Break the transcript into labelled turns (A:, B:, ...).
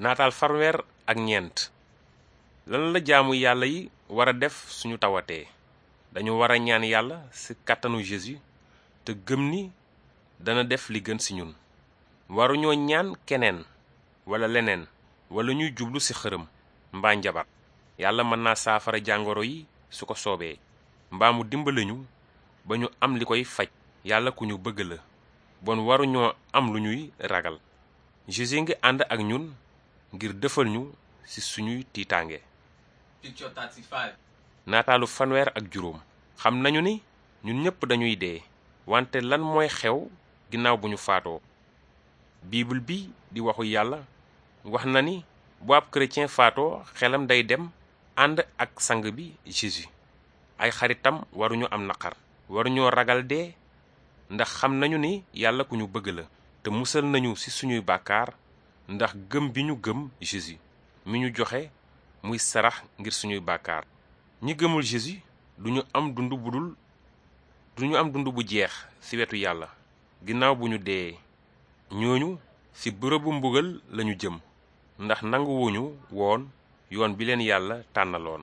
A: naataal farweer ak ñeent lan la jaamu yàlla yi war a def suñu tawatee dañu war a ñaan yàlla ci kàttanu Jésus te gëm ni dana def li gën ci ñun waruñoo ñaan keneen walla leneen walla ñuy jublu ci xërëm mbaa njabar yàlla mën naa saafara jàngoro yi su ko soobee mbaa mu dimbali ñu ba ñu am li koy faj yàlla ku ñu bëgg la bon waruñoo am lu ñuy ragal Jésus ngi ànd ak ñun ngir dëfal ñu ci suñuy tiitaange. nataalu fanweer ak juróom. xam nañu ni ñun ñëpp dañuy dee. wante lan mooy xew ginnaaw bu ñu faatoo. bible bi di waxu yàlla wax na ni bu ab chrétien faatoo xelam day dem ànd ak sang bi Jésus. ay xaritam waruñu am naqar. waruñoo ragal dee ndax xam nañu ni yàlla ku ñu bëgg la. te musal nañu ci suñuy bàkkaar. ndax gëm bi ñu gëm Jésus mi ñu joxe muy sarax ngir suñuy bàkkaar ñi gëmul Jésus du ñu am dund bu dul du ñu am dund bu jeex ci wetu yàlla ginnaaw bu ñu dee ñooñu ci bërëbu mbugal lañu jëm
B: ndax nanguwuñu woon yoon bi leen yàlla tànnaloon